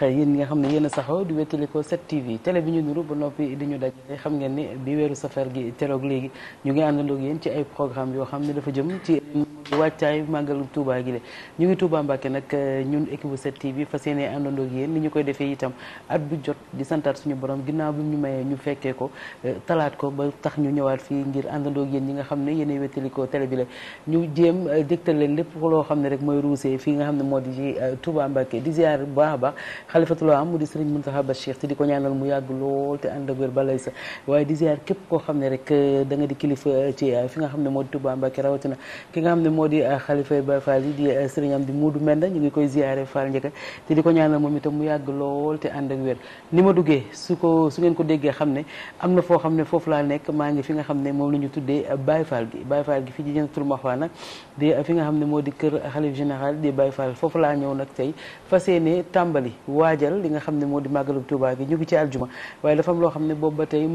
ndax yéen ñi nga xam ne yéen a saxoo di wéttalikoo 7TV télé bi ñu nuru ba noppi di ñu daj xam ngeen ni bi weeru safar gi teroog léegi ñu ngi àndandoo ak ci ay programme yoo xam ne dafa jëm ci wàccaay màggalu Touba gi ñu ngi Touba Mbacke nag ñun équipe bu 7TV fas yéene àndandoo ak ñu koy defee itam at bu jot di santaat suñu borom ginnaaw bi ñu mayee ñu fekkee ko euh, talaat ko ba tax ñu ñëwaat fii ngir àndandoo ak ñi nga xam ne yéen a wéttalikoo télé bi la ñu jéem euh, dégtal leen lépp loo xam ne rek mooy ruusee fi nga xam ne moo di ci euh, Touba Mbacke di ziar bu baax baax xalifatullah am mu di sëriñ Muntaxa Bachir te di ko ñaanal mu yàgg te ànd ak wér sa waaye di ziar képp koo xam ne rek euh, da nga di kilifa euh, ci euh, fi nga xam ne moo di Touba rawatina ki nga ne moo di xalifa Baye Fall yi di sëriñ am di Muudu Menda ñu ngi koy ziare Fall njëkk te di ko ñaanal moom itam mu yàgg lool te ànd ak wér ni ma duggee su ko su ngeen ko déggee xam ne am na foo xam ne foofu laa nekk maa ngi fi nga xam ne moom la ñu tuddee Baye Fall gi Baye Fall gi fi ji jënatul maxwaa nag di fi nga xam ne moo di kër xalif général di Baye Fall foofu laa ñëw nag tey fas yéene tàmbali waajal li nga xam ne moo di màggalub Touba gi ñu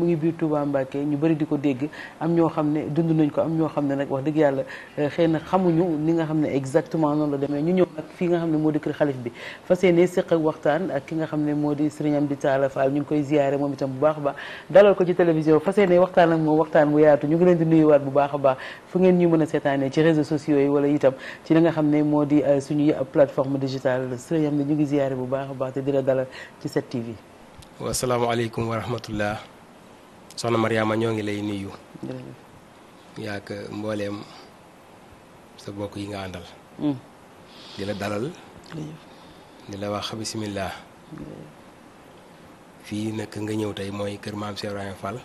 ngi biir Touba Mbacke ñu bëri di ko dégg am ñoo xam ne dund nañ ko am ñoo xam ne nag wax dëgg yàlla eh, xëy na xamuñu ni nga xam ne exactement noonu la demee ñu ñëw nag fii nga xam ne moo di kër xalif ngi koy ziyaare moom itam bu baax a baax dalal ko ci télévision fas yéene waxtaan ak moom waxtaan bu yaatu ñu ngi leen di nuyuwaat bu baax a baax fu ngeen ñu mën a seetaanee ci réseaux sociaux yi wala itam ci li xam ne moo di eh, suñuy plateforme digitale baax te di la dalal ci 7TV. wa soxna Mariama ñoo ngi lay nuyu. yaa ko mbooleem sa bokk yi nga àndal. Mm. di la dalal. di la wax bisimilah. fii nag nga ñëw tey mooy kër maam Cheikh Ibrahima Fall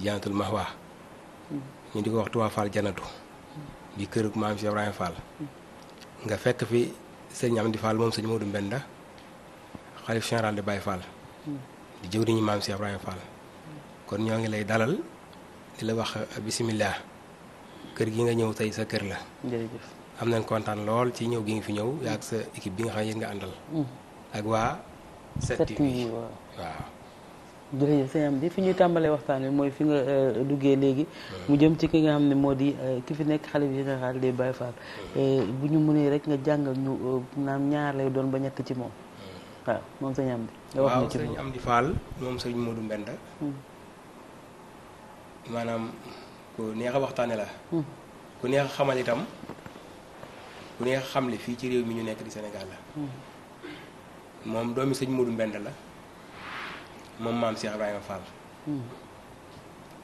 janatul mahwa mm. ñu di ko wax Touba Fall mm. di kër maam Cheikh Ibrahima Fall nga fekk fi sëñ Amdi sëñ Modou Mbenda xale général de Baye Fall. di jëwriñu maam si Ibrahima Fall. kon ñoo ngi lay dalal di la wax bisimilah kër gi nga ñëw tey sa kër la. jërëjëf am nañ kontaan lool ci ñëw gi nga fi ñëw yaa ak sa équipe bi nga xam ne yéen nga àndal. fi ñuy tàmbalee waxtaan wi mooy fi nga euh, duggee léegi mm. mu jëm ci ki nga xam ne moo di euh, ki fi nekk xale général des Baye mm. euh, bu ñu mënee rek nga jàngal ñu naan ñaar lay doon ba ñett ci moom waaw moom sëñ Amdi. nga wax na ci waaw sëñ Amdi Fall moom sëñ Modou Mbenda. Hmm. maanaam ku neex a waxtaane la. Hmm. ku neex a xamal itam ku neex a xamle fii ci réew mi ñu nekk di Sénégal la. Hmm. moom doomi sëñ Modou Mbenda la moom maam Cheikh Ibrahima Fall.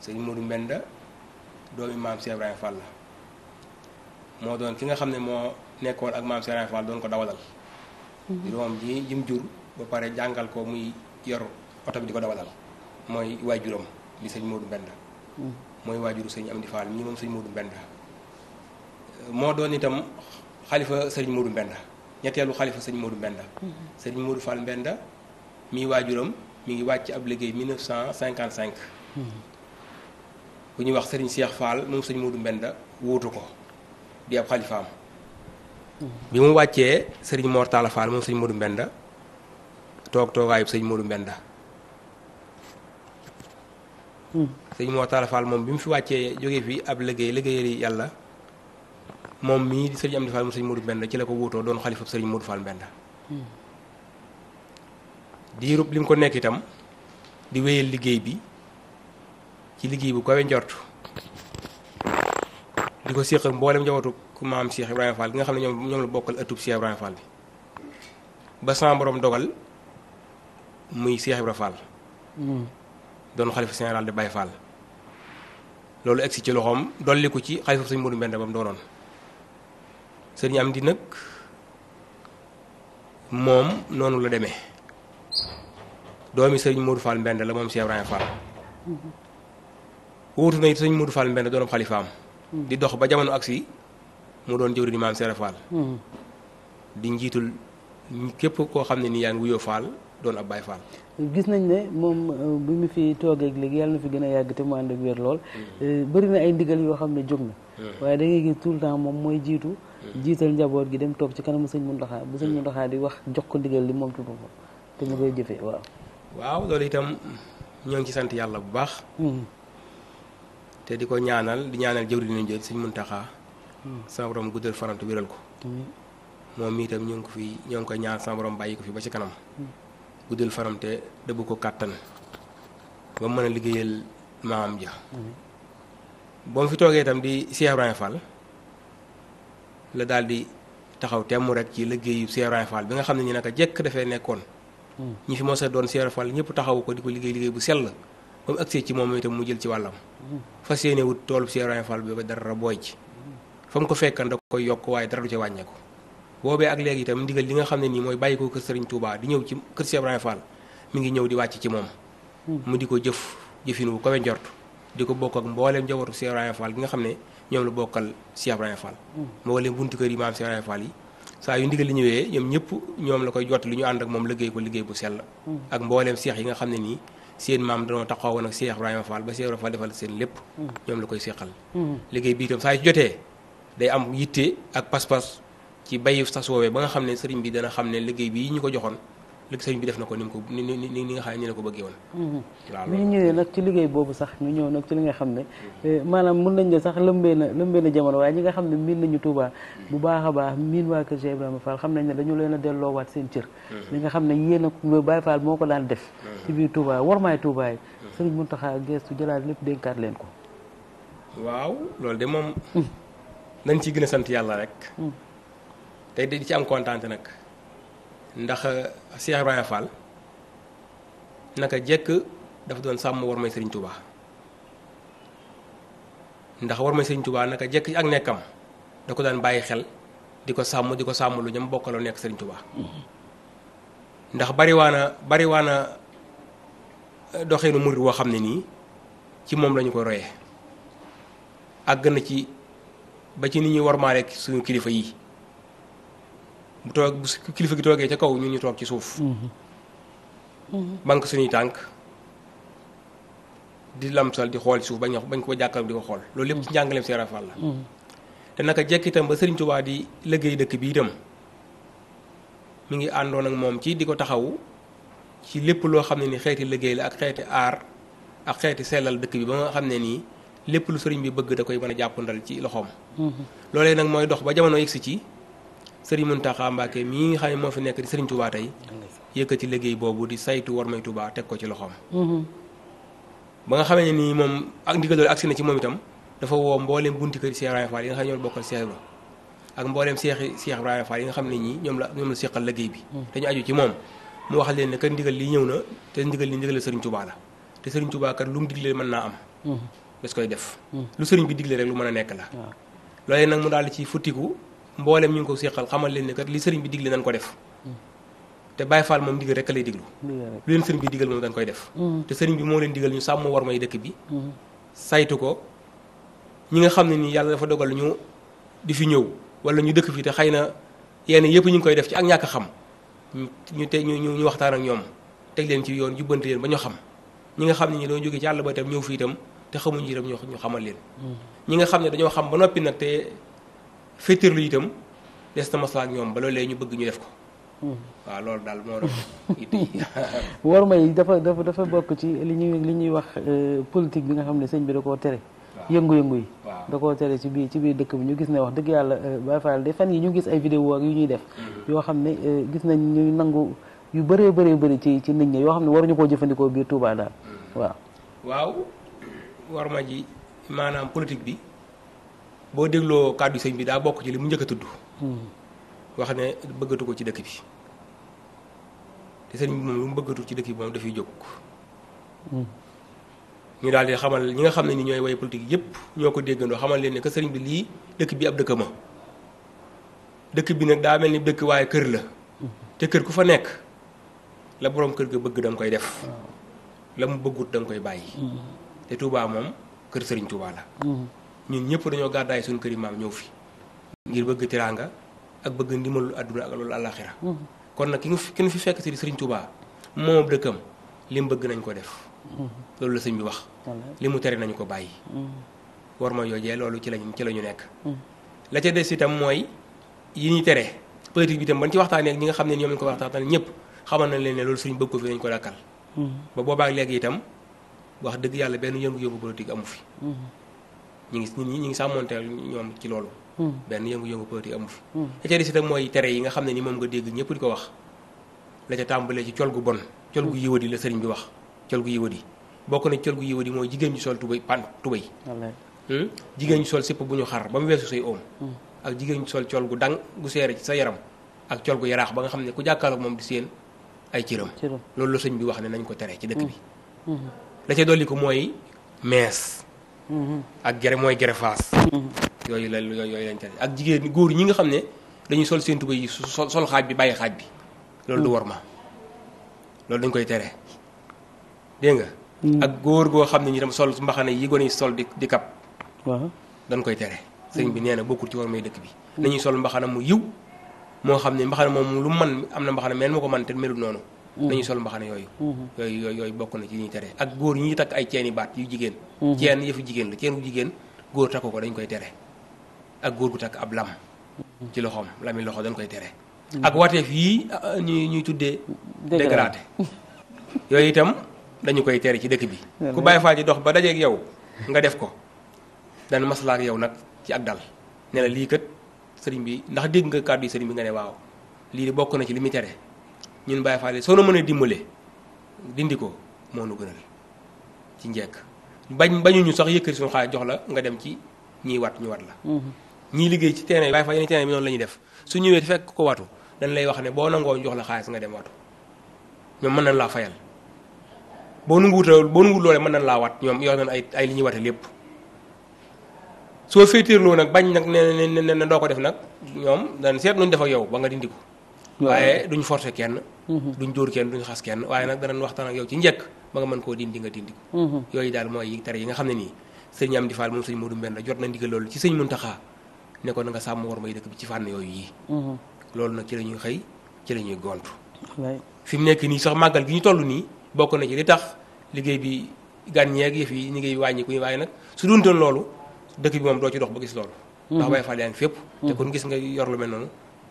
sëñ Modou Mbenda doomi maam Cheikh Ibrahima la moo doon ki nga xam ne moo nekkoon ak maam Cheikh Ibrahima Fall doon ko dawalal. di doom ji jëm jur ba pare jàngal ko muy yor oto bi di ko dawalal mooy waajuram di sëñ Modou Mbenda mm. mooy waajuru sëñ Amdi Fall ñi moo doon itam xalifa sëriñ Modou Mbenda ñetteelu xalifa sëñ Modou Mbenda mm-hmm. sëriñ Modou Fall Mbenda mii waajuram mi ngi wàcc ab liggéey 1955 mm-hmm. bu ñuy wax sëriñ Cheikh Fall moom sëñ Modou Mbenda wuutu ko di ab xalifaam bi mu wàccee sëriñ Mor Talla Fall moom sëñ Modou Mbenda toog toogaayu sëñ Modou Mbenda. Hmm. sëñ Mor Talla Fall moom bi mu fi wàccee jógee bi ab liggéey liggéeyal yàlla moom mii di sëriñ Amdi Fall moom sëñ Modou Mbenda ci la ko wóotoo doon xalifa sëriñ Modou Fall Mbenda. Hmm. diirub li mu ko nekk itam di wéyal liggéey bi ci liggéey bu kawe njort. di ko séq mboole mboolem njabootu ku maam Cheikh Ibrahima Fall gi nga xam ne ñoom ñoom la bokkal ëttub Cheikh Ibrahima Fall bi ba sama dogal muy Cheikh Ibrahima Fall. Hmm. doon xalifa général loolu egsi ci loxoom dolli ko ci xalifa sëñ Modou Mbende ba mu doonoon sëriñ am di nag moom noonu la deme doomi sëriñ Modou Fall Mbende la moom Cheikh Ibrahima Fall. Hmm. wuutu na it sëñ Modou Fall Mbende doonam xalifaam. di dox ba jamono agsi moo doon jëwriñu maam Seere Faal hmm. di njiitul képp koo xam ne ni yaa ngi wuyoo Faal doon ab Baay Faal gis nañ ne moom euh, bi mu fi toogeeg léegi yàlla na fi gën a yàgg te mu ànd ak lool hmm. euh, na ay ndigal yoo xam ne jóg na hmm. waaye da ngay gis tout le temps moom mooy jiitu jiital njaboot gi dem toog ci kanamu sëñ Muntaxa bu sëñ Muntaxa di wax jox ko ndigal li moom ci boppam te mu koy jëfee waaw loolu itam ñoo ci sant yàlla bu baax te di ko ñaanal di ñaanal jëwri ni jël suñ muntaxaa hmm. sama borom guddal farantu wéral ko moom mi itam ñoo ngi ko fi ñoo ngi koy ñaan sama borom bàyyi ko fi ba ci kanam hmm. guddal faram te dëbb ko kàttan ba mën a liggéeyal maam ja ba mu fi toogee itam di Cheikh Ibrahima Fall la daal di taxaw temm rek ci liggéeyu Cheikh Ibrahima Fall bi nga xam ne ñu naka jekk dafay nekkoon hmm. ñi fi mos a doon Cheikh Ibrahima Fall ñëpp taxaw ko di ko liggéey liggéey bu sell ba mu agsee ci moom itam mu jël ci wàllam fas yéene wut toolub Cheikh Ibrahima Fall bi ba dara booy ci fa mu ko fekkan da koy yokk waaye dara du ca wàññeeku boobee ak léegi tam ndigal li nga xam ne nii mooy bàyyi ko kër Serigne Touba di ñëw ci kër Cheikh Ibrahima Fall ngi ñëw di wàcc ci moom mu di ko jëf jëfin wu kawe njort di ko bokk ak mbooleem njabootu Cheikh Ibrahima Fall gi nga xam ne ñoom la bokkal Cheikh Ibrahima Fall mbooleem buntu kër yi maam Cheikh Ibrahima yi saa yu ndigal li ñëwee ñoom ñëpp ñoom la koy jot li ñu ànd moom liggéey ko liggéey bu sell ak mbooleem seex yi nga xam ne nii seen maam dañoo taxawoon ak Cheikh Ibrahima Fall ba Cheikh Ibrahima Fall defal seen lépp. Mm. ñoom la koy seqal. Mm. liggéey bii itam saa yu jotee day am yitte ak pas-pas ci bayi sas woowee ba nga xam ne sëriñ bi dana xam ne liggéey bii ñu ko joxoon. léegi sëñ bi def na ko ni mu ko ni ni ni nga xam ne ñu ne ko bëggee woon. Mhm. waaw ñu ñëwee nag ci liggéey boobu sax ñu ñëw nag ci li nga xam ne eh, maanaam mun nañ ne sax lëmbee na lëmbee na jamono waaye ñi nga xam ne miin nañu Touba bu baax a baax miin waa Kër Cheikh Ibrahima Fall xam nañ ne dañu leen a waat seen cër mhm. li nga xam ne yéen a Baye Fall moo ko daan def mhm. ci biir Touba warmaay Touba yi sëriñ Mountakha geestu jëlaat lépp dénkaat leen ko waaw loolu de moom mm. nañ ci gën sant yàlla rek mm. tey di ci am kontaan nag ndax eh, Cheikh Ibrahima Fall naka jekk dafa doon sàmm war may Serigne Touba ndax war may Serigne Touba naka jekk ak nekkam da ko daan bàyyi xel di ko sàmm di ko sàmm lu ñam bokkaloo nekk Serigne Touba ndax bariwaana bariwaana eh, doxeenu murit woo xam ne nii ci moom lañu ko royee àgg na ci ba ci ni ñuy warmaale suñu kilifa yi bu toog bu kilifa gi toogee ca kaw ñun ñu toog ci suuf. banque suñuy tànk di lamsal di xool suuf bañ a bañ ko jàkkal di ko xool loolu lépp ci njàngaleem Sëriñ Fall la. Mm-hmm. te naka jekk itam ba Serigne Touba di liggéey dëkk bi itam mu ngi àndoon ak moom ci di ko taxawu ci lépp loo xam ne ni xeeti liggéey la ak xeeti aar ak xeeti sellal dëkk bi ba nga xam ne nii lépp lu sëriñ bi bëgg da koy mën a jàppandal ci loxoom. Mm-hmm. loolee nag mooy dox ba jamono yegsi ci. sëriñ Mountakha Mbacké mii nga xam ne moo fi nekk di sëriñ Touba tey yëkkati liggéey boobu di saytu war may Touba teg ko ci loxoom. Mm-hmm. ba nga xamee ne nii moom ak ndigal loolu agsi na ci moom itam dafa woo mbooleem bunti kër Cheikh Ibrahima Fall yi nga xam ne ak mbooleem Cheikh Cheikh Ibrahima Fall yi nga xam ne ñii ñoom la ñoom la seqal liggéey bi mm-hmm. dañu aju ci moom mu wax leen ne kat ndigal li ñëw na te ndigal li ndigal sëriñ Touba la te sëriñ Touba kat lu mu digle mën naa am mm-hmm. des koy def lu sëriñ bi digle rek lu mën a nekk la mboolem ñu ngi ko seqal xamal leen ne kat li sëriñ bi digle nañ ko def te Baye Fall moom digal rek lay diglu lu leen sëriñ bi digal moom dañ koy def mm. te sëriñ bi moo leen digal ñu sàmm war may dëkk bi mm. saytu ko ñi nga xam ne nii yàlla dafa dogal ñu di fi ñëw wala ñu dëkk fi te xay na yenn yëpp ñu ngi koy def ci ak ñàkk xam ñu te ñu ñu waxtaan ak ñoom teg leen ci yoon jubbante leen ba ñu xam ñi nga xam ne ñi dañoo jógee ci àll ba itam ñëw fi itam te xamuñu itam ñu xamal leen mm. ñi féetarlu itam des na maslaa ak ñoom ba loolee ñu bëgg ñu def ko hmm. waaw loolu daal war ma dafa dafa dafa bokk ci li ñuy li ñuy wax euh, politique bi nga xam ne sëñ bi da koo tere yëngu-yëngu yi da koo tere ci biir ci biir dëkk bi ñu gis ne wax dëgg yàlla euh, fan yi ñu gis ay vidéo yu ñuy def hmm. yoo xam ne euh, gis nañ ñuy nangu yu bëree bëri ci ci nit ñi yoo xam ne waruñu koo jëfandikoo biir daal hmm. waaw waaw war ma ji maanaam politique bi boo dégloo kàddu sëñ bi daa bokk ci li mu njëkk a tudd. Hmm. wax ne bëggatu ko ci dëkk bi te sëñ bi moom lu mu bëggatu ci dëkk bi moom dafay jóg. Hmm. ñu daal di xamal ñi nga xam ne ni ñooy way politik yépp ñoo ko déggandoo xamal leen ne que sëriñ bi lii dëkk bi ab dëkk ma dëkk bi nag daa mel ni dëkk waaye kër la te kër ku fa nekk la boroom kër gi bëgg da koy def hmm. la mu bëggut da koy bàyyi te Touba moom kër sëriñ Touba la ñun ñëpp dañoo gàddaay suñu këri maam ñëw fi ngir bëgg tiraanga ak bëgg ndimalul àdduna ak loolu àllaaxira mm. kon nag ki ñu fi fekk si Sëriñ Tuubaa moom dëkkam li bëgg nañ ko def mm. loolu sëñ bi wax li mu tere nañu ko bàyyi mm. war ma yoojee loolu ci lañu ci la ñu nekk la ca des itam mooy yi ñuy tere politique bi itam ban ci waxtaanee ak nga xam ne ñoom lañ ko waxtaan ñëpp xamal nañ leen ne loolu sëñ bëgg ko fi dañ ko dakkal ba boobaak léegi itam wax dëgg yàlla benn yëngu-yëngu politique amu fi ñu ngi nit ñi ngi sàmmonteel ñoom ci loolu hmm. benn yëngu-yëngu politique amu fi la ca des mooy tere yi nga xam ne ni moom nga dégg ñëpp di ko wax la ca tàmbalee ci col gu bon col gu hmm. yiwadi la sëriñ bi wax col gu yiwadi bokk na col gu yiwadi mooy jigéen ñu sol tubay pan tubay hmm? jigéen ñu sol sipp bu ñu xar ba mu weesu say oom ak jigéen ñu sol col gu dang gu seere ci sa yaram ak col gu yaraax ba nga xam ne ku jàkkaarloog moom di seen ay cëram loolu la sëñ bi wax ne nañ ko tere ci dëkk bi la ca dolli ak gere mooy gere faas. yooyu la yooyu lañ tere ak jigéen góor ñi nga xam ne dañuy sol seen tuba yi sol sol xaaj bi bàyyi xaaj bi. loolu du mm. war ma loolu dañ koy tere dégg nga. Mm. ak góor goo xam ne ñu dem sol mbaxana yi gone yi sol di di kap. waaw dañ koy tere. sëñ bi mm. nee na bokkul ci war may dëkk bi. nañuy sol mbaxana mu yiw moo xam ne mbaxana moom lu mu mën am na mbaxana mel ma ko man te melul noonu. nañu sol mbaxane yooyu yooyu yooyu bokk na ci ñuy tere ak góor ñi takk ay ceeni baat yu jigéen ceen yëfu jigéen la ceen bu jigéen góor takku ko dañ koy tere ak góor gu takk ab lam ci loxoom lami loxo dañ koy tere ak wateef yii ah, ñuy ñuy tuddee dégradé yooyu itam dañu koy tere ci dëkk bi ku bàyyi faa ji dox ba dajeeg yow nga def ko dan maslaak yow nag ci ak dal ne lii kat sëriñ bi ndax dégg nga kàddu yi sëriñ bi nga ne waaw lii bokk na ci li muy tere ñun Baye Fall soo na mënee dimbale dindi ko moo nu gënal ci njekk bañ bañuñu sax yëkkati suñu xaalis jox la nga dem ci ñiy wat ñu wat la. Mhm. ñiy liggéey ci terrain Baye Fall yeneen terrain bi noonu la ñuy def su ñëwee fekk ko watu dañ lay wax ne boo nangoo ñu jox la xaalis nga dem watu ñoom mën nañ laa fayal boo nanguwut boo nanguwut loolee mën nañ laa wat ñoom yor nañ ay ay li ñuy wate lépp. soo féeteerloo nag bañ nag ne ne ne doo ko def nag ñoom dañ seet nuñ def ak yow ba nga dindi ko waaye duñ forcer kenn mhm. duñ dóor kenn duñ xas kenn waaye nag danañ waxtaan ak yow ci njëkk ba nga mën koo dindi nga dindi ko mhm. yooyu daal mooy tere yi nga xam ne nii sëñ Amdi Fall moom sëñ Modou Mbenda jot na ndigal loolu ci sëñ Muntaxa ne ko na nga sàmm war may dëkk bi ci fànn yooyu yi mhm. loolu nag ci la ñuy xëy ci la ñuy gontu fi mu nekk nii sax màggal gi ñu toll nii bokk na ci li tax liggéey bi gan ñeeg yëf yi liggéey bi wàññiku ñu waaye nag su duntoon loolu dëkk moom doo ci dox ba gis loolu ndax Baay Faal yaa fépp te gis nga yor lu mel noonu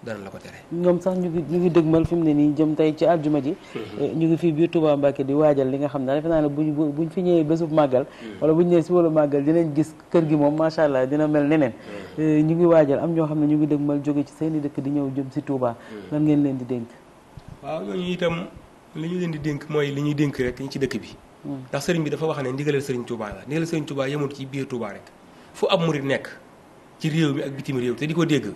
dana la ko tere. ñoom sax ñu ngi ñu ngi dëgmal fi mu ne nii jëm tey ci aljuma ji. Eh, ñu ngi fii biir Touba Mbacké di waajal li nga xam ne defe naa ne bu buñ fi ñëwee bésub màggal. Hmm. wala buñ ñëwee si wala màggal di dinañ gis kër gi moom macha allah dina mel neneen. Hmm. Eh, ñu ngi waajal am ñoo xam ne ñu ngi dëgmal jóge ci seen i dëkk di ñëw jëm si Touba. Hmm. lan ngeen leen di dénk. waaw ñooñu itam li ñu leen di dënk mooy li ñuy dénk rek ñi ci dëkk bi. ndax sëriñ bi dafa wax ne ndigalal sëriñ Touba la ndigalal sëriñ Touba yemul ci biir Touba rek fu ab murid nekk ci réew mi ak bitim réew te ko dégg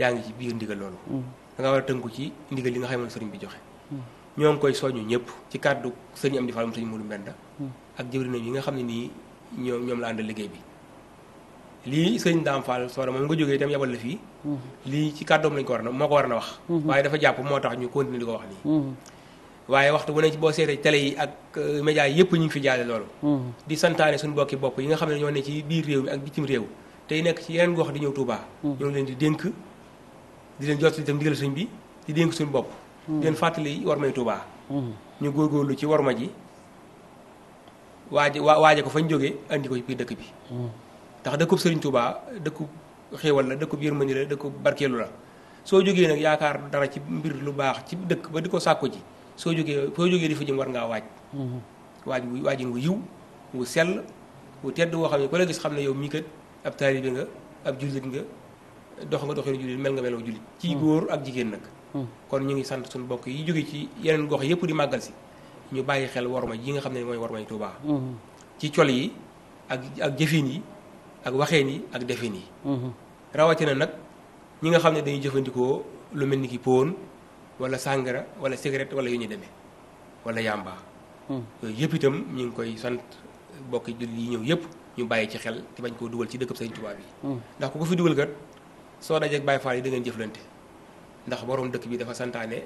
yaa ngi ci biir ndigal loolu hmm. da war a tënku ci ndigal li nga xam ne sëriñ bi joxe hmm. ñoo ngi koy soññu ñëpp ci kàddu sëriñ Amdi Fall sëriñ Modou Mbenda hmm. ak jëwriñam yi nga xam ne nii ñoom ñoom la àndal liggéey bi lii sëriñ Daam Fall soora moom nga jógee itam yabal la fii lii ci kàddoom lañ ko war na moo ko war na wax waaye dafa jàpp moo tax ñu continuer di ko wax nii waaye waxtu bu ne ci boo seetee télé yi ak euh, média yi yëpp ñu ngi fi jaale di santaane suñu bokki bopp yi nga xam ne ñoo ci biir réew mi ak bitim réew tey nekk ci yeneen gox di di di leen jot itam ndigal sëñ bi di dénk suñu bopp. Hmm. di leen fàttali war may tubaa hmm. ñu góorgóorlu ci war ma ji waaje waaje ko fañ jógee andi ko ci dëkk bi. Hmm. ndax dëkkub Sëriñ Tuubaa dëkkub xéewal la dëkkub yërmande la dëkkub barkeelu la soo jógee nag yaakaar dara ci mbir lu baax ci dëkk ba di ko sàkku ji soo jógee soo jógee di fa jëm war ngaa waaj. waaj wu waajin wu yiw wu sell wu tedd woo xam ne ku la gis xam ne yow mii kat ab taalibe nga ab jullit nga. dox nga doxee jullit mel nga melaw jullit ci hmm. góor ak jigéen nag hmm. kon ñu ngi sant suñu bokk yi jóge ci yeneen gox yëpp di màggal si ñu bàyyi xel warma yi nga xam ne mooy warmay Tuubaa hmm. ci col yi ak ak jëfin yi ak waxeen yi ak defin yi rawatina nag ñi nga xam ne dañuy jëfandikoo lu mel ni ki póon wala sàngara wala cigarette wala yu ñu demee wala yàmba yëpp itam ñu ngi koy sant bokk jullit yi ñëw yëpp ñu bàyyi ci xel te bañ koo dugal ci dëkkab Sëñ Tuubaa bi ndax ku ko fi dugal kat soo dajeeg Baye Fall yi da ngeen jëflante ndax borom dëkk bi dafa santaane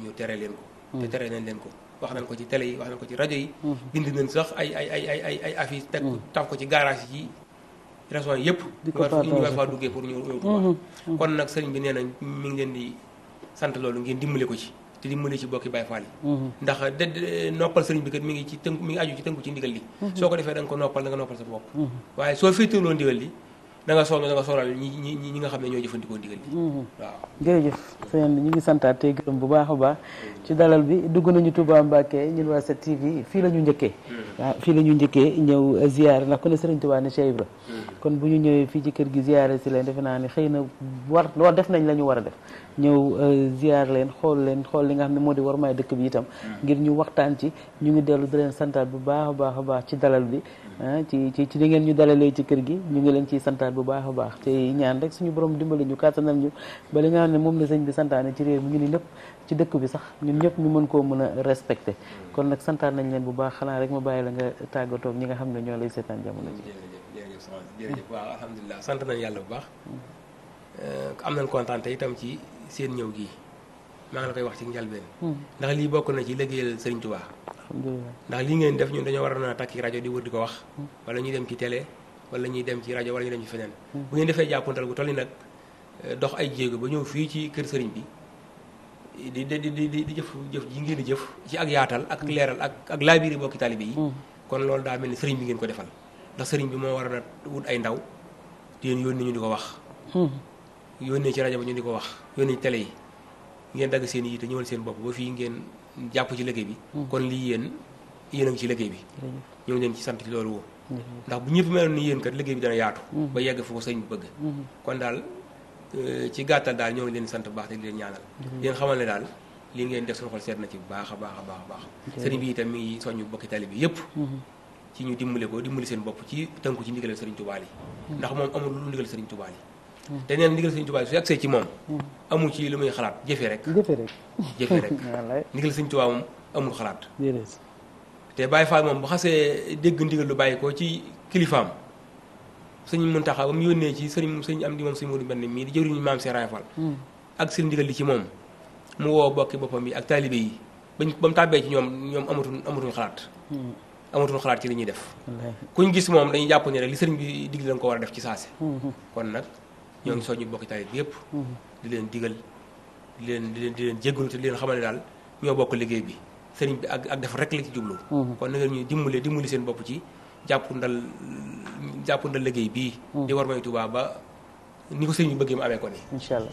ñu tere leen ko. Mm. te tere nañ leen ko wax na ko ci télé yi wax nañ ko ci rajo yi. Mm. bind nañ sax ay ay ay ay ay affiche mm. ko ci garage yi. raison yëpp ñu war faa duggee pour ñëw Tuuba mm-hmm. mm-hmm. kon nag sëriñ nee na mi ngi leen di sant loolu ngeen dimbale ko ci te dimbale ci bokki Baay Faal yi mm-hmm. ndax de noppal sëriñ bi mi ngi ci tënk mi ngi aju ci ci ndigal li soo ko nga ko noppal sa bopp waaye soo féetewuloon ndigal li na nga sonn solo nga sonal ñi nga xam ne ñoo jëfandikoo ndigal bi. Mm-hmm. waaw jërëjëf sëñ ñu ngi santaat te gërëm bu baax a baax. Mm-hmm. ci dalal bi dugg nañu Touba mbaake ñun waa 7TV fii la ñu njëkkee. Mm-hmm. waaw fii la ñu njëkkee ñëw euh, ziar ndax ku ne Serigne Touba ne Cheikh Ibra. kon bu ñu ñëwee fii ci kër gi ziar si leen defe naa ne xëy na war war def nañ la ñu war a def. ñëw euh, ziar leen xool leen xool li nga xam ne moo di war maay dëkk bi itam. ngir ñu waxtaan ci ñu ngi dellu di leen santaat bu baax a baax a baax ci dalal bi Ah, ci ci ci li ngeen ñu dalalee ci kër gi ñu ngi leen ciy santaat bu baax a baax te ñaan rek suñu borom dimbali ñu nañ ñu ba li nga xam ne moom la sëñ bi santaane ci réew mi ni ñëpp ci dëkk bi sax ñun ñëpp ñu mën koo mën a respecté kon nag santaat nañ leen bu baax xanaa rek ma bàyyi la nga tàggatoog ñi nga xam ne ñoo lay seetaan jamono ji jërëjëf jërëjëf waaw alhamdulilah sant nañ yàlla bu baax eh, am nañ kontaan te itam ci seen ñëw gi maa ngi la koy wax ci njalbeen hmm. ndax lii bokk na ci liggéeyal sëriñ Tuubaa ndax lii ngeen def ñu dañoo war a takki rajo di wër di ko wax wala ñuy dem ci tele wala ñuy dem ci rajo wala ñuy dem ci feneen hmm. bu ngeen defee jàppantal bu toll ni nag eh, dox ay jéego ba ñëw fii ci kër sëriñ bi di di di di jëf jëf ji ngeen di jëf ci ak yaatal ak hmm. leeral ak ak laabiri bokki taalibe yi hmm. kon loolu daa mel ni sëriñ bi ngeen ko defal ndax sëriñ bi moo war a wut ay ndaw di yoon yónni ñu di ko wax yónnee ci rajo ba di ko wax yónnee ci tele yi ngeen dagg seen yi te ñëwal seen bopp fii ngeen jàpp ci liggéey bi. Hmm. kon lii yéen yéen ci liggéey bi. ñoo ngi leen ci sant ci loolu woo. Hmm. ndax bu ñëpp meloon ni yéen kat liggéey bi dana yaatu. Hmm. ba yegg foofu sëñ bëgg. kon daal euh, ci gàttal daal ñoo ngi leen sant bu baax te leen ñaanal. yéen xamal ne daal li ngeen def suñu xol seet na ci bu baax a baax a baax a baax. sëriñ bi itam mi ngi soññu bokki tali bi yëpp. ci ñu dimbali ko dimbali seen bopp ci tënku ci ndigalal sëriñ Tuubaa yi. ndax moom amul lu ndigal sëriñ te neen ndigal sëñ Tuubaa su yegsee ci moom amu ci lu muy xalaat jëfee rek jëfee rek ndigal sëñ Tuubaa moom amul xalaat te Baye Fall moom bu xasee dégg ndigal lu bàyyi ko ci kilifaam sëñ Muntaxa ba mu yónnee ci mu sëñ am di moom sëñ Moodu Mbend mii di jëriñu maam Serigne hmm. ak seen ndigal ci moom mu woo bokki boppam bi ak taalibe yi bañ ba mu tàbbee ci ñoom ñoom amatuñ amatuñ xalaat hmm. amatuñ xalaat ci li ñuy def kuñ gis moom dañuy jàpp ne rek li sëriñ bi digle lañ ko war a def ci saase hmm. kon nag ñoo ngi soññu bokki taay bi yëpp mm-hmm. di leen digal di leen di leen di leen jéggalu te di leen xamal ne daal ñoo bokk liggéey bi sëriñ ak ak def rek li ci jublu mm-hmm. kon na ngeen ñu dimbale dimbali seen bopp ci jàpp ndal jàpp ndal liggéey bii mm-hmm. di war may Tuubaa ba ni ko sëñ bi bëggee mu amee ko ni incha allah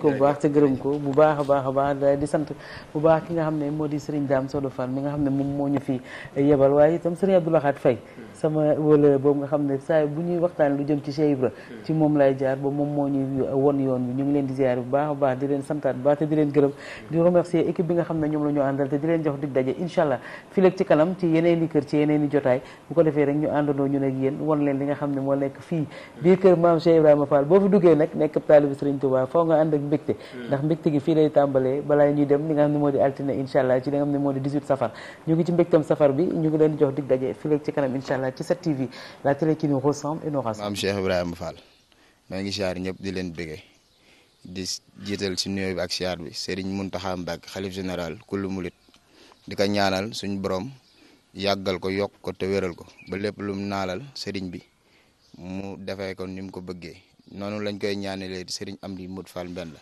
ko bu baax a baax a baax di sant baax ki nga xam ne moo di sëriñ Dame Sodo Fall mi nga xam ne moom moo ñu fi yebal waaye itam sëriñ Abdou hmm. sama wala boobu xam ne saa bu ñuy waxtaan lu jëm ci Cheikh hmm. moom lay jaar ba moom moo ñuy won yoon bi leen di ziar bu baax baax di leen santaat bu baax te di leen gërëm hmm. ne ñoom la ñu leen jox dig daje incha allah fileeg ci kanam ci yeneen i kër ci yeneen i jotaay bu ko defee rek ñu àndandoo ñu nekk yéen won leen li nga xam ne moo nekk fii biir kër maam Cheikh Ibrahima Fall boo fi duggee nag nekk taalibu Serigne Touba faw nga ànd ak mbégte hmm. ndax mbégte gi fii lay tàmbalee balaa ñuy dem li nga xam ne moo di altine incha allah ci li nga moo di 18 safar ñu ngi ci mbégtam safar bi ñu ngi leen jox dig daje fii ci kanam incha allah ci 7TV la télé qui nous ressemble et nous rassemble maam Cheikh maa ngi siyaar ñëpp di leen bëggee di jiital si nuyoo bi ak siyaar bi Serigne Mountakha Mbacké xalif général kullu mulit di ko ñaanal suñu borom yàggal ko yokk ko te wéral ko ba lépp lum naalal sëriñ bi mu defee ko nim ko bëggee noonu lañ koy ñaane ñaanalee sëriñ Amdi mut Fall Mbenn la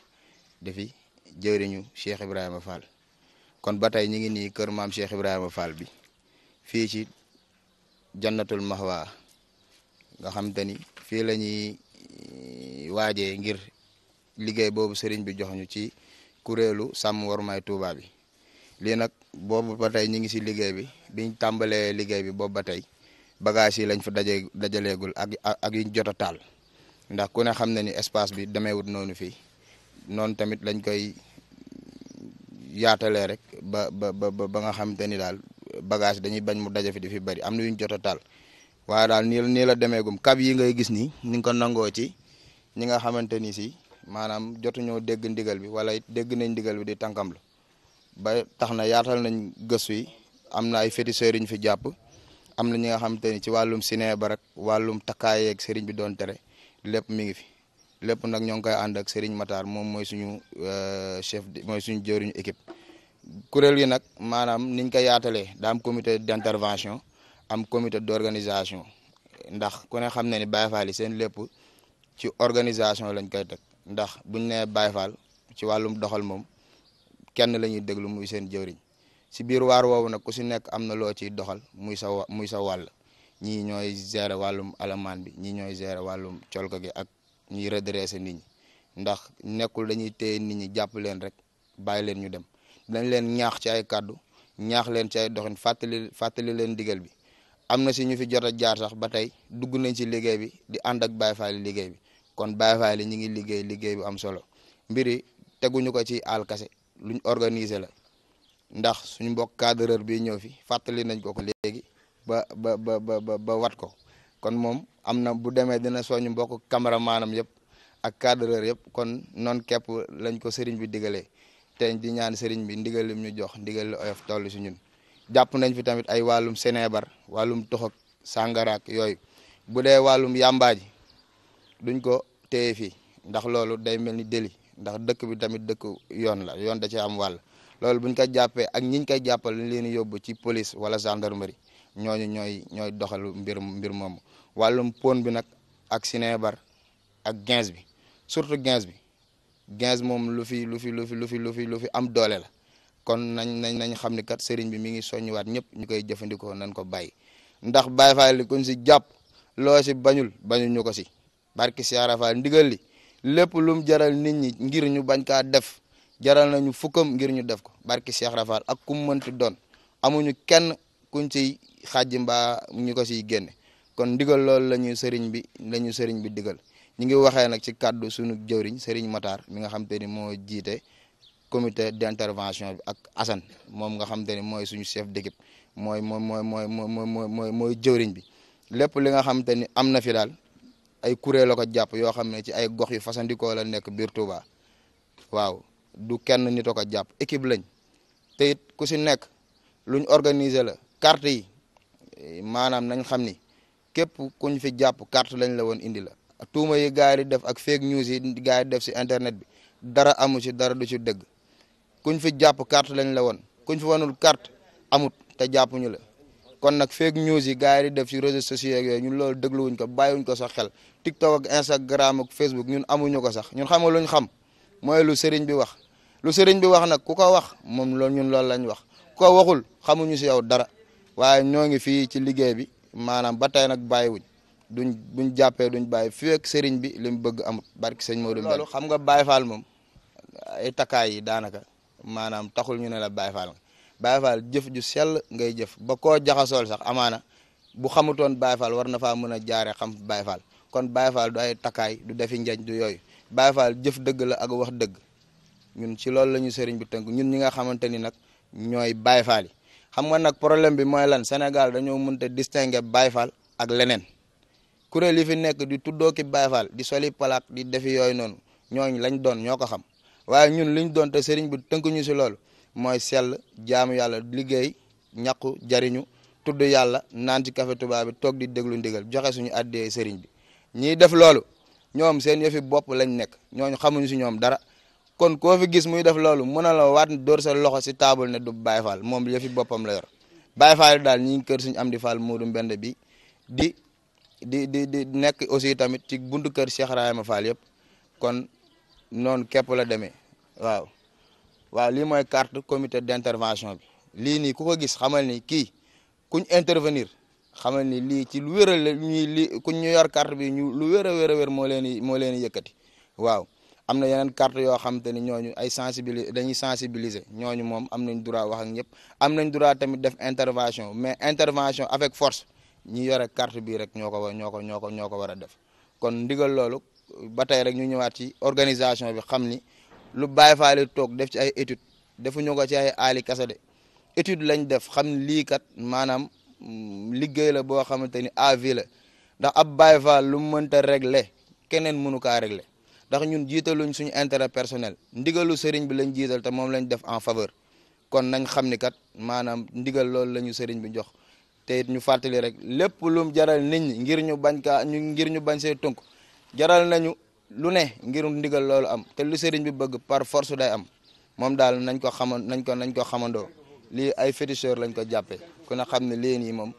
defi jëriñu Cheikh Ibrahima Fall kon ba tey ñu ngi nii kër maam Cheikh Ibrahima Fall bi fii ci jannatul mahwa nga xam ni fii lañuy eh, waaje ngir liggéey boobu sëriñ bi jox ñu ci kuréelu sàmm warmaay Touba bi lii nag boobu ba tey ñu ngi si liggéey bi biñ tàmbalee liggéey bi boobu ba tey bagage yi lañ fa daje dajaleegul ak ak yuñ jot a taal ndax ku ne xam na ni espace bi demeewut noonu fii noonu tamit lañ koy yaatalee rek ba ba ba ba nga xam te ni daal bagage dañuy bañ mu daja fi di fi bari am na yuñ jot a taal waa daal nii nii la demeegum kab yi ngay gis nii ni nga ko nangoo ci ñi nga xamante ni si maanaam jotuñoo dégg ndigal bi wala it dégg nañ ndigal bi di tànkamlu ba tax na yaatal nañ gëstu yi am na ay féticheurs yu ñu fi jàpp am na ñi nga xamante ni ci wàllum ciné ba rek wàllum takkaay yeeg sëriñ bi doon tere lépp mi ngi fi lépp nag ñoo ngi koy ànd ak sëriñ Matar moom mooy suñu euh, chef de mooy suñu jëriñu équipe. kuréel yi nag maanaam niñ ko yaatalee daam am comité d'intervention am comité d'organisation ndax ku ne xam ne ni Baye Fall yi seen lépp ci organisation lañ koy teg ndax buñ ne Baye Fall ci wàllum doxal moom kenn la ñuy déglu muy seen jëriñ. si biir waar woowu nag ku si nekk am na loo ciy doxal muy sa muy sa wàll ñii ñooy gérer wàllum alamaan bi ñii ñooy gere wàllum colko gi ak ñuy redresser nit ñi ndax nekkul dañuy téye nit ñi jàpp leen rek bàyyi leen ñu dem dañ leen ñaax ci ay kàddu ñaax leen ci ay doxin fàttali fàttali leen digal bi am na si ñu fi jot a jaar sax ba tey dugg nañ ci liggéey bi di ànd ak Baye Fall liggéey bi kon Baye Fall ñi ngi liggéey liggéey bu am solo mbiri teguñu ko ci àll kase luñ organiser la ndax suñu mbokk cadreur bi ñëw fi fàttali nañ ko ko léegi ba ba ba wat ko kon moom am na bu demee dina soñu mbokk caméramanam yëpp ak cadreur yëpp kon noon képp lañ ko sëriñ bi digalee te di ñaan sëriñ bi ndigal ñu jox ndigal li oyof toll si ñun jàpp nañ fi tamit ay wàllum seneebar wàllum tox ak yooyu bu dee wàllum yàmbaaji duñ ko téye fii ndax loolu day mel ni déli ndax dëkk bi tamit dëkk yoon la yoon da ci am wàll loolu buñ ko jàppee ak ñiñ koy jàppal liñ leen yóbbu ci police wala gendarmerie ñooñu ñooy ñooy doxalu mbir mbir moom wàllum pon bi nag ak sinébar ak gens bi surtout gens bi gens moom lu fi lu fi lu lu fi lu fi lu fi am doole la kon nañ nañ nañ xam ni kat sëriñ bi mi ngi soññiwaat ñëpp ñu koy jëfandikoo nañ ko bay ndax Baay Faal li kuñ si jàpp loo si bañul bañul ñu ko si barki si arafaal ndigal li lépp lum jaral nit ñi ngir ñu bañ kaa def jaral nañu fukkam ngir ñu def ko barki Cheikh Rafal ak ku mu mënti doon amuñu kenn kuñ ci xàjji mbaa ñu ko siy génne kon ndigal loolu la ñuy sëriñ bi la ñu bi digal ñu ngi waxee nag ci kàddu sunu jëwriñ sëriñ Matar mi nga xam te ni moo jiite comité d'intervention bi ak Assane moom nga xam ni mooy suñu chef d'équipe mooy mooy mooy mooy mooy mooy mooy bi lépp li nga xam ni am na fi daal ay kuréel la ko jàpp yoo xam ne ci ay gox yu fasandikoo la nekk biir Touba waaw du kenn nit a ko jàpp équipe lañ te it ku si nekk luñ organiser la carte yi maanaam nañ xam ni képp kuñ fi jàpp carte lañ la woon indi la tuuma yi gars di def ak fake yi gars yi def si internet bi dara amu si dara du si dëgg kuñ fi jàpp carte lañ la woon kuñ fi wanul carte amut te ñu la kon nag fake news yi gars yi di def si réseaux sociaux yooyu ñun loolu wuñ ko bàyyiwuñ ko sax xel TikTok ak Instagram ak Facebook ñun amuñu ko sax ñun xam nga luñ xam mooy lu seriñ bi wax lu sëriñ bi wax nag ku ko wax moom loolu ñun loolu lañ wax ko waxul xamuñu si yow dara waaye ñoo ngi fii ci liggéey bi maanaam ba tey nag bàyyiwuñ duñ buñ jàppee duñ bàyyi fii sëriñ bi li mu bëgg amut barki sëñ Maodo loolu xam nga Baye moom ay takkaay yi daanaka maanaam taxul ñu ne la Baye Fall jëf ju sell ngay jëf ba koo jaxasool sax amaana bu xamutoon Baye Fall war na faa mën a jaare xam Baye Fall kon Baye Fall du ay takkaay du defi njañ du yooyu Baye Fall jëf dëgg la ak wax dëgg ñun ci loolu la ñu sëriñ bi tënk ñun ñi nga xamante ni nag ñooy Baye yi xam nga nag problème bi mooy lan Sénégal dañoo mënta distinguer Baye Fall ak leneen kuréel yi fi nekk di tuddoo ki Baye di soli palaat di defi yooyu noonu ñooñ lañ doon ñoo ko xam waaye ñun liñ doon te sëriñ bi tënkuñu si loolu mooy sell jaamu yàlla liggéey ñaqu jariñu tudd yàlla naan ci café tubaab bi toog di déglu ndigal joxe suñu àddee sëriñ bi ñiy def loolu ñoom seen yëfi bopp lañ nekk ñooñu xamuñu si ñoom dara kon koo fi gis muy def loolu mën a la waat dóor sa loxo si taabal ne du Baye Fall moom yëfi boppam la yor Baye Fall daal ñi ngi kër suñu am di Fall Modou Mbend bi di di di di nekk aussi tamit ci buntu kër Cheikh Rahima Fall yëpp kon noonu képp la deme waaw waaw lii mooy carte comité intervention bi lii nii ku ko gis xamal ni kii kuñ intervenir xamal ni lii ci lu wér a la ñuy lii kuñ ñu yor carte bi ñu lu wér a wér a wér moo leen moo leen yëkkati waaw am na yeneen carte yoo xam te ni ñooñu ay sensibiliser dañuy sensibiliser ñooñu moom am nañ droit wax ak ñëpp am nañ droit tamit def intervention mais intervention avec force ñu yore carte bii rek ñoo ko ñoo ko ñoo ko ñoo ko war a def kon ndigal loolu ba tey rek ñu ñëwaat ci organisation bi xam ni lu Baay Faal toog def ci ay étude defuñu ko ci ay ali kese de étude lañ def xam lii kat maanaam mm, liggéey la boo xamante ni avis la ndax ab Baay Faal lu mu mënta régler keneen mënu kaa réglé ndax ñun jiitaluñ suñu intérêt personnel ndigalu sëriñ bi lañ jiital te moom lañ def en faveur kon nañ xam ni kat maanaam ndigal loolu la ñu sëriñ bi jox te it ñu fàttali rek lépp lum jaral nit ngir ñu bañ kaa ñu ngir ñu bañ see tënk jaral nañu lu ne ngir ndigal loolu am te lu sëriñ bi bëgg par force day am moom daal nañ ko xaman nañ ko nañ ko xamandoo lii ay féticheur lañ ko jàppee ku ne xam ne leen yi moom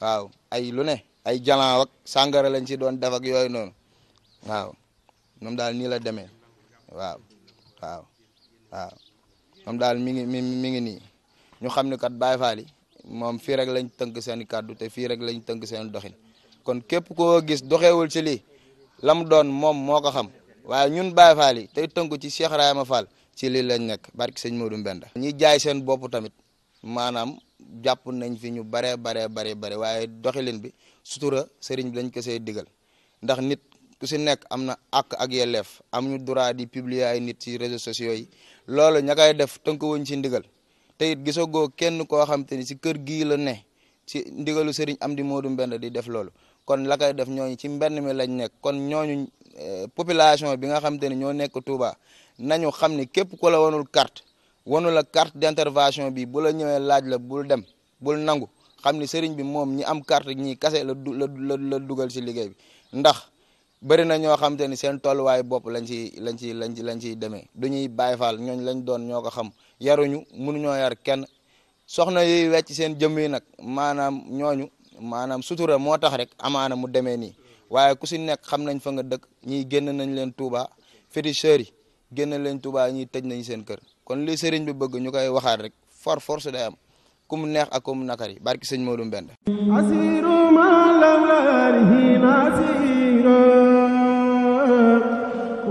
waaw ay lu ne ay jalan ak sàngara lañ si doon def ak yooyu noonu waaw moom daal nii la deme waaw waaw waaw moom daal mi ngi mi mi ngi nii ñu xam ne kat Baye Fall moom fii rek lañ tënk seen kàddu te fii rek lañ tënk seen doxin kon képp koo gis doxewul ci lii la mu doon moom moo ko xam waaye ñun Baye Fall yi tey tënku ci Cheikh Rahima Fall ci lii lañ nekk barki sëñ Modou Mbenda ñi jaay seen bopp tamit maanaam jàpp nañ fi ñu baree baree baree bare waaye doxalin bi sutura sëriñ bi dañ ko digal ndax nit ku si nekk am na àq ak yelleef am ñu droit di publier ay nit ci réseaux sociaux yi loolu ña koy def tënk wuñ si ndigal te it gisagoo kenn koo xam ni si kër gii la ne ci ndigalu sëriñ di Moodu mbenn di def loolu kon la koy def ñooñu ci mbenn mi lañ nekk kon ñooñu eh, population bi nga xam ne ñoo nekk Touba nañu xam ne képp ku la wanul carte wanu la carte intervention bi bu la ñëwee laaj la bul dem bul nangu xam ni sëriñ bi moom ñi am carte ñi kase la la la dugal si liggéey bi bëri na ñoo xam te ni seen tolluwaayu bopp lañ ci lañ ci lañ ci lañ ciy demee du ñuy bàyyi ñooñ lañ doon ñoo ko xam yaruñu mënuñoo yar kenn soxna yuy wecc seen jëmm yi nag maanaam ñooñu maanaam sutura moo tax rek amaana mu demee nii waaye ku si nekk xam nañ fa nga dëkk ñii génn nañ leen Touba féticheurs yi génn leen Touba ñii tëj nañ seen kër kon li sëriñ bi bëgg ñu koy waxaat rek for force am ku neex ak ku mu nakari barki sëñ Modou Mbend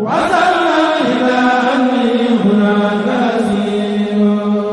wasalaamaaleykum.